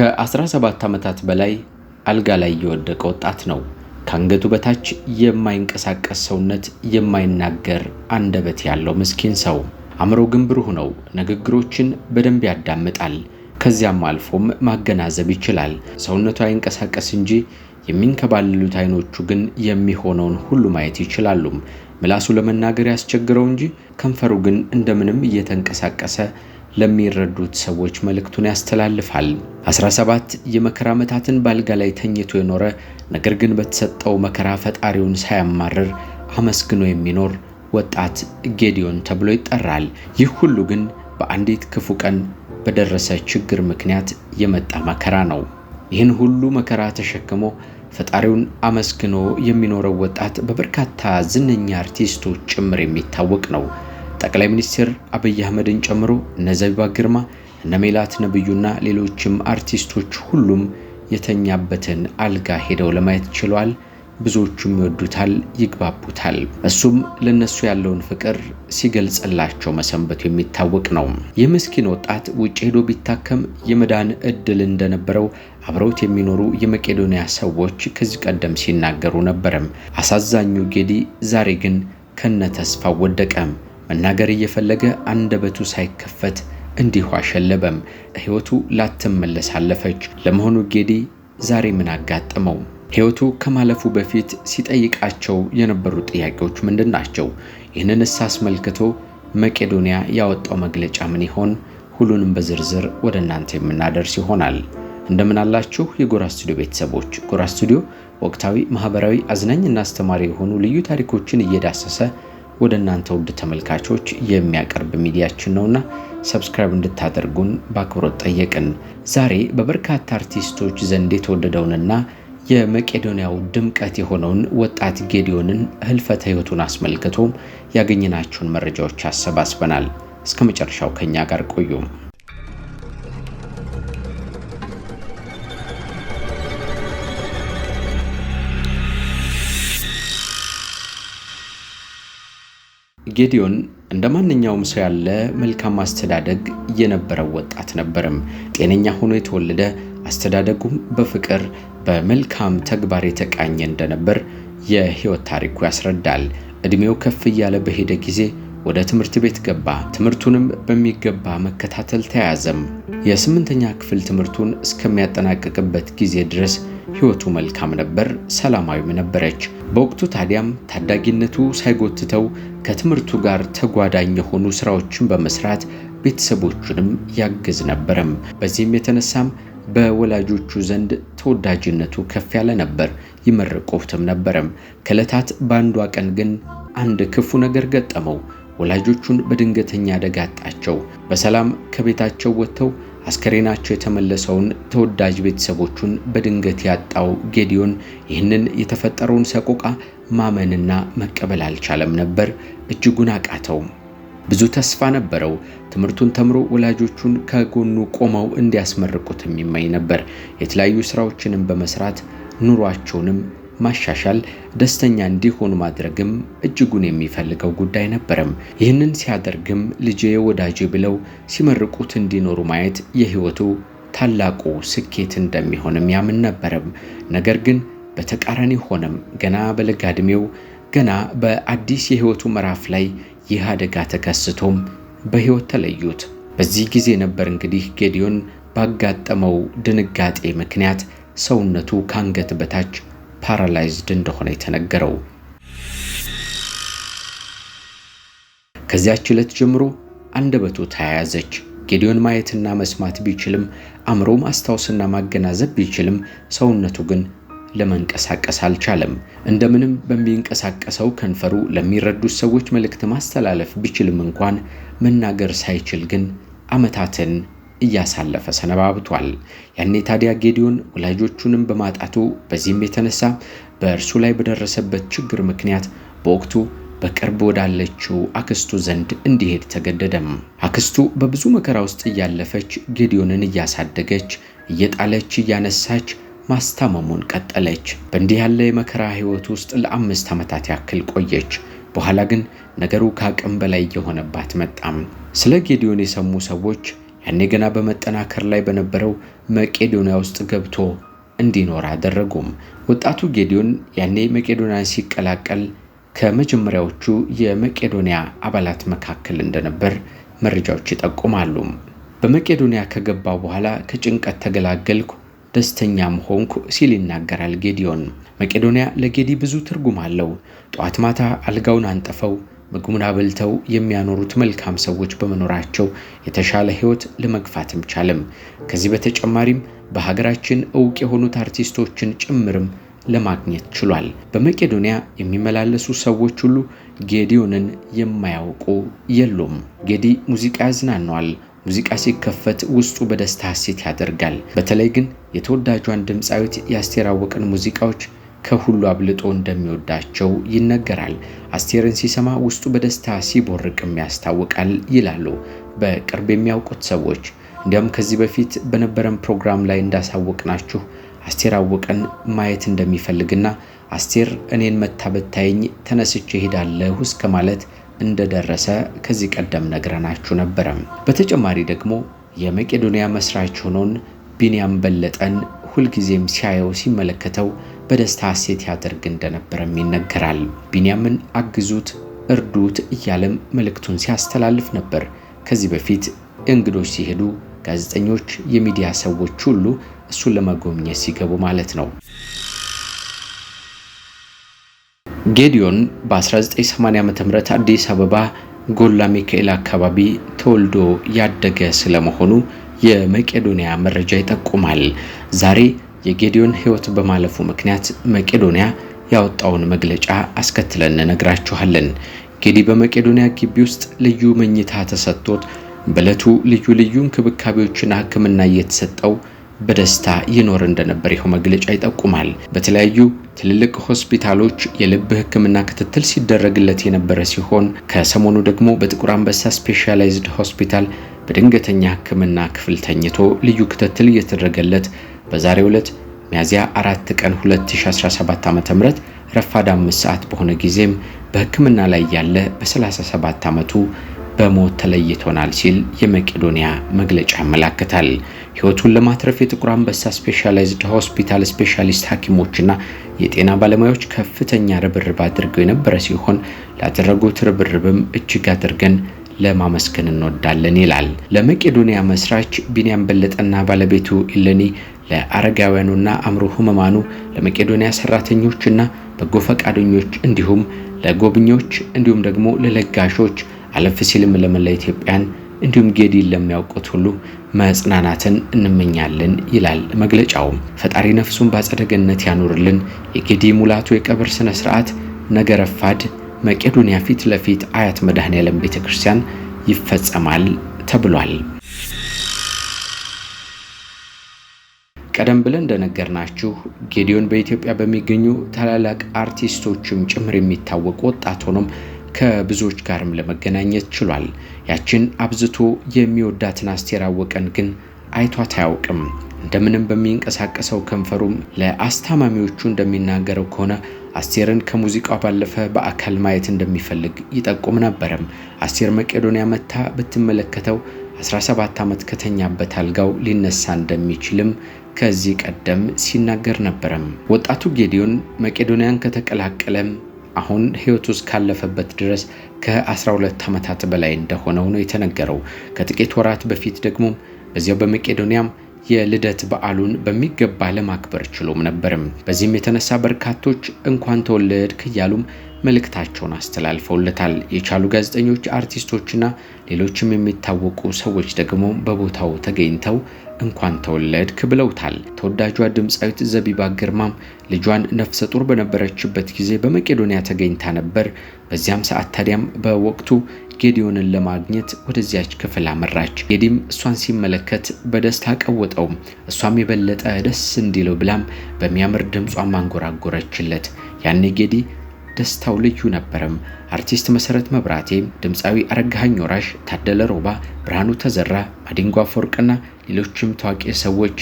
ከ17 ዓመታት በላይ አልጋ ላይ የወደቀ ወጣት ነው። ከአንገቱ በታች የማይንቀሳቀስ ሰውነት፣ የማይናገር አንደበት ያለው ምስኪን ሰው። አእምሮ ግን ብሩህ ነው። ንግግሮችን በደንብ ያዳምጣል። ከዚያም አልፎም ማገናዘብ ይችላል። ሰውነቱ አይንቀሳቀስ እንጂ የሚንከባልሉት አይኖቹ ግን የሚሆነውን ሁሉ ማየት ይችላሉ ምላሱ ለመናገር ያስቸግረው እንጂ ከንፈሩ ግን እንደምንም እየተንቀሳቀሰ ለሚረዱት ሰዎች መልእክቱን ያስተላልፋል። 17 የመከራ ዓመታትን ባልጋ ላይ ተኝቶ የኖረ ነገር ግን በተሰጠው መከራ ፈጣሪውን ሳያማርር አመስግኖ የሚኖር ወጣት ጌዲዮን ተብሎ ይጠራል። ይህ ሁሉ ግን በአንዲት ክፉ ቀን በደረሰ ችግር ምክንያት የመጣ መከራ ነው። ይህን ሁሉ መከራ ተሸክሞ ፈጣሪውን አመስግኖ የሚኖረው ወጣት በበርካታ ዝነኛ አርቲስቶች ጭምር የሚታወቅ ነው። ጠቅላይ ሚኒስትር አብይ አህመድን ጨምሮ እነ ዘቢባ ግርማ፣ እነ ሜላት ነብዩና ሌሎችም አርቲስቶች ሁሉም የተኛበትን አልጋ ሄደው ለማየት ችሏል። ብዙዎቹም ይወዱታል፣ ይግባቡታል። እሱም ለነሱ ያለውን ፍቅር ሲገልጽላቸው መሰንበቱ የሚታወቅ ነው። ይህ ምስኪን ወጣት ውጭ ሄዶ ቢታከም የመዳን እድል እንደነበረው አብረውት የሚኖሩ የመቄዶንያ ሰዎች ከዚህ ቀደም ሲናገሩ ነበርም። አሳዛኙ ጌዲ ዛሬ ግን ከነ ተስፋው ወደቀ። መናገር እየፈለገ አንደበቱ ሳይከፈት እንዲሁ አሸለበም። ሕይወቱ ላትመለስ አለፈች። ለመሆኑ ጌዲ ዛሬ ምን አጋጠመው? ሕይወቱ ከማለፉ በፊት ሲጠይቃቸው የነበሩ ጥያቄዎች ምንድን ናቸው? ይህንንስ አስመልክቶ መቄዶንያ ያወጣው መግለጫ ምን ይሆን? ሁሉንም በዝርዝር ወደ እናንተ የምናደርስ ይሆናል። እንደምን አላችሁ የጎራ ስቱዲዮ ቤተሰቦች። ጎራ ስቱዲዮ ወቅታዊ፣ ማህበራዊ፣ አዝናኝና አስተማሪ የሆኑ ልዩ ታሪኮችን እየዳሰሰ ወደ እናንተ ውድ ተመልካቾች የሚያቀርብ ሚዲያችን ነውና ሰብስክራይብ እንድታደርጉን በአክብሮት ጠየቅን። ዛሬ በበርካታ አርቲስቶች ዘንድ የተወደደውንና የመቄዶንያው ድምቀት የሆነውን ወጣት ጌዲዮንን ህልፈተ ህይወቱን አስመልክቶም ያገኘናቸውን መረጃዎች አሰባስበናል። እስከ መጨረሻው ከኛ ጋር ቆዩም። ጌዲዮን እንደ ማንኛውም ሰው ያለ መልካም አስተዳደግ የነበረው ወጣት ነበርም። ጤነኛ ሆኖ የተወለደ አስተዳደጉም በፍቅር በመልካም ተግባር የተቃኘ እንደነበር የህይወት ታሪኩ ያስረዳል። ዕድሜው ከፍ እያለ በሄደ ጊዜ ወደ ትምህርት ቤት ገባ። ትምህርቱንም በሚገባ መከታተል ተያዘም። የስምንተኛ ክፍል ትምህርቱን እስከሚያጠናቅቅበት ጊዜ ድረስ ሕይወቱ መልካም ነበር፣ ሰላማዊም ነበረች። በወቅቱ ታዲያም ታዳጊነቱ ሳይጎትተው ከትምህርቱ ጋር ተጓዳኝ የሆኑ ስራዎችን በመስራት ቤተሰቦቹንም ያግዝ ነበረም። በዚህም የተነሳም በወላጆቹ ዘንድ ተወዳጅነቱ ከፍ ያለ ነበር። ይመርቆትም ነበረም። ከዕለታት በአንዷ ቀን ግን አንድ ክፉ ነገር ገጠመው። ወላጆቹን በድንገተኛ አደጋ አጣቸው። በሰላም ከቤታቸው ወጥተው አስከሬናቸው የተመለሰውን ተወዳጅ ቤተሰቦቹን በድንገት ያጣው ጌዲዮን ይህንን የተፈጠረውን ሰቆቃ ማመንና መቀበል አልቻለም ነበር። እጅጉን አቃተው። ብዙ ተስፋ ነበረው። ትምህርቱን ተምሮ ወላጆቹን ከጎኑ ቆመው እንዲያስመርቁት የሚመኝ ነበር። የተለያዩ ስራዎችንም በመስራት ኑሯቸውንም ማሻሻል፣ ደስተኛ እንዲሆኑ ማድረግም እጅጉን የሚፈልገው ጉዳይ ነበረም። ይህንን ሲያደርግም ልጄ ወዳጄ ብለው ሲመርቁት እንዲኖሩ ማየት የህይወቱ ታላቁ ስኬት እንደሚሆንም ያምን ነበረም። ነገር ግን በተቃራኒ ሆነም። ገና በለጋ ዕድሜው ገና በአዲስ የህይወቱ ምዕራፍ ላይ ይህ አደጋ ተከስቶም በህይወት ተለዩት። በዚህ ጊዜ ነበር እንግዲህ ጌዲዮን ባጋጠመው ድንጋጤ ምክንያት ሰውነቱ ካንገት በታች ፓራላይዝድ እንደሆነ የተነገረው። ከዚያች ዕለት ጀምሮ አንደበቱ ተያያዘች። ጌዲዮን ማየትና መስማት ቢችልም አእምሮ ማስታወስና ማገናዘብ ቢችልም ሰውነቱ ግን ለመንቀሳቀስ አልቻለም። እንደምንም በሚንቀሳቀሰው ከንፈሩ ለሚረዱት ሰዎች መልእክት ማስተላለፍ ቢችልም እንኳን መናገር ሳይችል ግን ዓመታትን እያሳለፈ ሰነባብቷል። ያኔ ታዲያ ጌዲዮን ወላጆቹንም በማጣቱ በዚህም የተነሳ በእርሱ ላይ በደረሰበት ችግር ምክንያት በወቅቱ በቅርብ ወዳለችው አክስቱ ዘንድ እንዲሄድ ተገደደም። አክስቱ በብዙ መከራ ውስጥ እያለፈች ጌዲዮንን እያሳደገች እየጣለች እያነሳች ማስታመሙን ቀጠለች። በእንዲህ ያለ የመከራ ሕይወት ውስጥ ለአምስት ዓመታት ያክል ቆየች። በኋላ ግን ነገሩ ከአቅም በላይ እየሆነባት መጣም። ስለ ጌዲዮን የሰሙ ሰዎች ያኔ ገና በመጠናከር ላይ በነበረው መቄዶንያ ውስጥ ገብቶ እንዲኖር አደረጉም። ወጣቱ ጌዲዮን ያኔ መቄዶንያን ሲቀላቀል ከመጀመሪያዎቹ የመቄዶንያ አባላት መካከል እንደነበር መረጃዎች ይጠቁማሉ። በመቄዶንያ ከገባ በኋላ ከጭንቀት ተገላገልኩ፣ ደስተኛም ሆንኩ ሲል ይናገራል ጌዲዮን። መቄዶንያ ለጌዲ ብዙ ትርጉም አለው። ጠዋት ማታ አልጋውን አንጥፈው ምግቡን አብልተው የሚያኖሩት መልካም ሰዎች በመኖራቸው የተሻለ ህይወት ለመግፋትም ቻለም። ከዚህ በተጨማሪም በሀገራችን እውቅ የሆኑት አርቲስቶችን ጭምርም ለማግኘት ችሏል። በመቄዶንያ የሚመላለሱ ሰዎች ሁሉ ጌዲዮንን የማያውቁ የሉም። ጌዲ ሙዚቃ ያዝናነዋል። ሙዚቃ ሲከፈት ውስጡ በደስታ ሐሴት ያደርጋል። በተለይ ግን የተወዳጇን ድምፃዊት ያስቴር ሙዚቃዎች ከሁሉ አብልጦ እንደሚወዳቸው ይነገራል። አስቴርን ሲሰማ ውስጡ በደስታ ሲቦርቅም ያስታውቃል ይላሉ በቅርብ የሚያውቁት ሰዎች። እንዲያውም ከዚህ በፊት በነበረን ፕሮግራም ላይ እንዳሳወቅናችሁ አስቴር አወቀን ማየት እንደሚፈልግና አስቴር እኔን መታ ብታየኝ ተነስቼ እሄዳለሁ እስከ ማለት እንደደረሰ ከዚህ ቀደም ነግረናችሁ ነበረም። በተጨማሪ ደግሞ የመቄዶንያ መስራች ሆኖን ቢንያም በለጠን ሁልጊዜም ሲያየው ሲመለከተው በደስታ ሐሴት ያደርግ እንደነበረም ይነገራል። ቢንያምን አግዙት፣ እርዱት እያለም መልእክቱን ሲያስተላልፍ ነበር። ከዚህ በፊት እንግዶች ሲሄዱ ጋዜጠኞች፣ የሚዲያ ሰዎች ሁሉ እሱን ለመጎብኘት ሲገቡ ማለት ነው። ጌዲዮን በ1980 ዓ.ም አዲስ አበባ ጎላ ሚካኤል አካባቢ ተወልዶ ያደገ ስለመሆኑ የመቄዶንያ መረጃ ይጠቁማል። ዛሬ የጌዲዮን ሕይወት በማለፉ ምክንያት መቄዶንያ ያወጣውን መግለጫ አስከትለን ነግራችኋለን። ጌዲ በመቄዶንያ ግቢ ውስጥ ልዩ መኝታ ተሰጥቶት በዕለቱ ልዩ ልዩ እንክብካቤዎችና ሕክምና እየተሰጠው በደስታ ይኖር እንደነበር ይኸው መግለጫ ይጠቁማል። በተለያዩ ትልልቅ ሆስፒታሎች የልብ ህክምና ክትትል ሲደረግለት የነበረ ሲሆን ከሰሞኑ ደግሞ በጥቁር አንበሳ ስፔሻላይዝድ ሆስፒታል በድንገተኛ ህክምና ክፍል ተኝቶ ልዩ ክትትል እየተደረገለት በዛሬው ዕለት ሚያዝያ 4 ቀን 2017 ዓ.ም ረፋድ አምስት ሰዓት በሆነ ጊዜም በሕክምና ላይ ያለ በ37 ዓመቱ በሞት ተለይቶናል ሲል የመቄዶንያ መግለጫ ያመላክታል። ህይወቱን ለማትረፍ የጥቁር አንበሳ ስፔሻላይዝድ ሆስፒታል ስፔሻሊስት ሐኪሞችና የጤና ባለሙያዎች ከፍተኛ ርብርብ አድርገው የነበረ ሲሆን ላደረጉት ርብርብም እጅግ አድርገን ለማመስገን እንወዳለን ይላል። ለመቄዶንያ መስራች ቢንያም በለጠና ባለቤቱ ኢለኒ ለአረጋውያኑና አእምሮ ህመማኑ ለመቄዶንያ ሰራተኞችና በጎ ፈቃደኞች እንዲሁም ለጎብኚዎች እንዲሁም ደግሞ ለለጋሾች አለፍ ሲልም ለመላ ኢትዮጵያን እንዲሁም ጌዲን ለሚያውቁት ሁሉ መጽናናትን እንመኛለን ይላል መግለጫው። ፈጣሪ ነፍሱን ባጸደ ገነት ያኑርልን። የጌዲ ሙላቱ የቀብር ስነ ስርዓት ነገ ረፋድ መቄዶንያ ፊት ለፊት አያት መድኃኔ ዓለም ቤተ ክርስቲያን ይፈጸማል ተብሏል። ቀደም ብለን እንደነገርናችሁ ጌዲዮን በኢትዮጵያ በሚገኙ ታላላቅ አርቲስቶችም ጭምር የሚታወቅ ወጣት ሆኖም ከብዙዎች ጋርም ለመገናኘት ችሏል። ያችን አብዝቶ የሚወዳትን አስቴር አወቀን ግን አይቷት አያውቅም። እንደምንም በሚንቀሳቀሰው ከንፈሩም ለአስታማሚዎቹ እንደሚናገረው ከሆነ አስቴርን ከሙዚቃው ባለፈ በአካል ማየት እንደሚፈልግ ይጠቁም ነበረም። አስቴር መቄዶንያ መታ ብትመለከተው 17 ዓመት ከተኛበት አልጋው ሊነሳ እንደሚችልም ከዚህ ቀደም ሲናገር ነበረም። ወጣቱ ጌዲዮን መቄዶንያን ከተቀላቀለም አሁን ህይወቱ እስካለፈበት ድረስ ከ12 ዓመታት በላይ እንደሆነው ነው የተነገረው። ከጥቂት ወራት በፊት ደግሞ በዚያው በመቄዶንያም የልደት በዓሉን በሚገባ ለማክበር ችሎም ነበርም። በዚህም የተነሳ በርካቶች እንኳን ተወለድክ እያሉም መልእክታቸውን አስተላልፈውለታል። የቻሉ ጋዜጠኞች፣ አርቲስቶችና ሌሎችም የሚታወቁ ሰዎች ደግሞ በቦታው ተገኝተው እንኳን ተወለድክ ብለውታል። ተወዳጇ ድምፃዊት ዘቢባ ግርማም ልጇን ነፍሰ ጡር በነበረችበት ጊዜ በመቄዶንያ ተገኝታ ነበር። በዚያም ሰዓት ታዲያም በወቅቱ ጌዲዮንን ለማግኘት ወደዚያች ክፍል አመራች። ጌዲም እሷን ሲመለከት በደስታ ቀወጠው። እሷም የበለጠ ደስ እንዲለው ብላም በሚያምር ድምጿ ማንጎራጎረችለት። ያኔ ጌዲ ደስታው ልዩ ነበረም። አርቲስት መሰረት መብራቴ፣ ድምፃዊ አረጋኸኝ ወራሽ፣ ታደለ ሮባ፣ ብርሃኑ ተዘራ፣ ማዲንጎ አፈወርቅና ሌሎችም ታዋቂ ሰዎች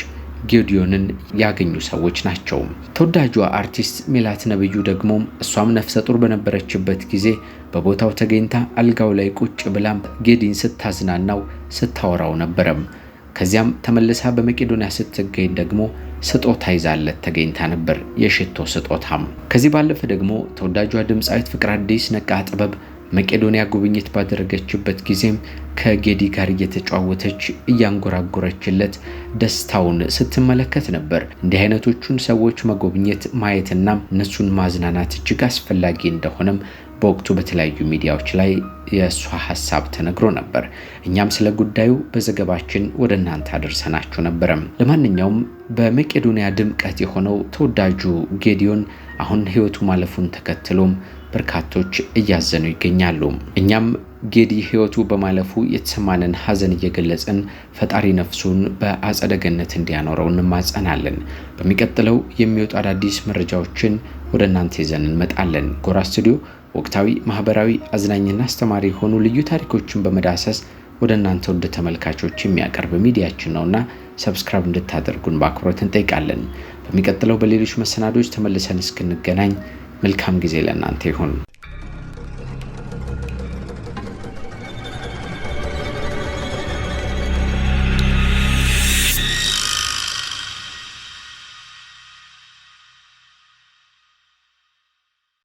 ጌዲዮንን ያገኙ ሰዎች ናቸው። ተወዳጇ አርቲስት ሜላት ነብዩ ደግሞ እሷም ነፍሰ ጡር በነበረችበት ጊዜ በቦታው ተገኝታ አልጋው ላይ ቁጭ ብላም ጌዲን ስታዝናናው ስታወራው ነበረም። ከዚያም ተመልሳ በመቄዶንያ ስትገኝ ደግሞ ስጦታ ይዛለት ተገኝታ ነበር፣ የሽቶ ስጦታም። ከዚህ ባለፈ ደግሞ ተወዳጇ ድምፃዊት ፍቅር አዲስ ነቃ ጥበብ መቄዶንያ ጉብኝት ባደረገችበት ጊዜም ከጌዲ ጋር እየተጫወተች እያንጎራጎረችለት ደስታውን ስትመለከት ነበር። እንዲህ አይነቶቹን ሰዎች መጎብኘት ማየትና እነሱን ማዝናናት እጅግ አስፈላጊ እንደሆነም በወቅቱ በተለያዩ ሚዲያዎች ላይ የእሷ ሀሳብ ተነግሮ ነበር። እኛም ስለ ጉዳዩ በዘገባችን ወደ እናንተ አደርሰናችሁ ነበረም። ለማንኛውም በመቄዶንያ ድምቀት የሆነው ተወዳጁ ጌዲዮን አሁን ሕይወቱ ማለፉን ተከትሎም በርካቶች እያዘኑ ይገኛሉ። እኛም ጌዲ ህይወቱ በማለፉ የተሰማንን ሐዘን እየገለጽን ፈጣሪ ነፍሱን በአጸደ ገነት እንዲያኖረው እንማጸናለን። በሚቀጥለው የሚወጡ አዳዲስ መረጃዎችን ወደ እናንተ ይዘን እንመጣለን። ጎራ ስቱዲዮ ወቅታዊ፣ ማህበራዊ፣ አዝናኝና አስተማሪ የሆኑ ልዩ ታሪኮችን በመዳሰስ ወደ እናንተ ወደ ተመልካቾች የሚያቀርብ ሚዲያችን ነውና ሰብስክራይብ እንድታደርጉን በአክብሮት እንጠይቃለን። በሚቀጥለው በሌሎች መሰናዶች ተመልሰን እስክንገናኝ መልካም ጊዜ ለእናንተ ይሁን።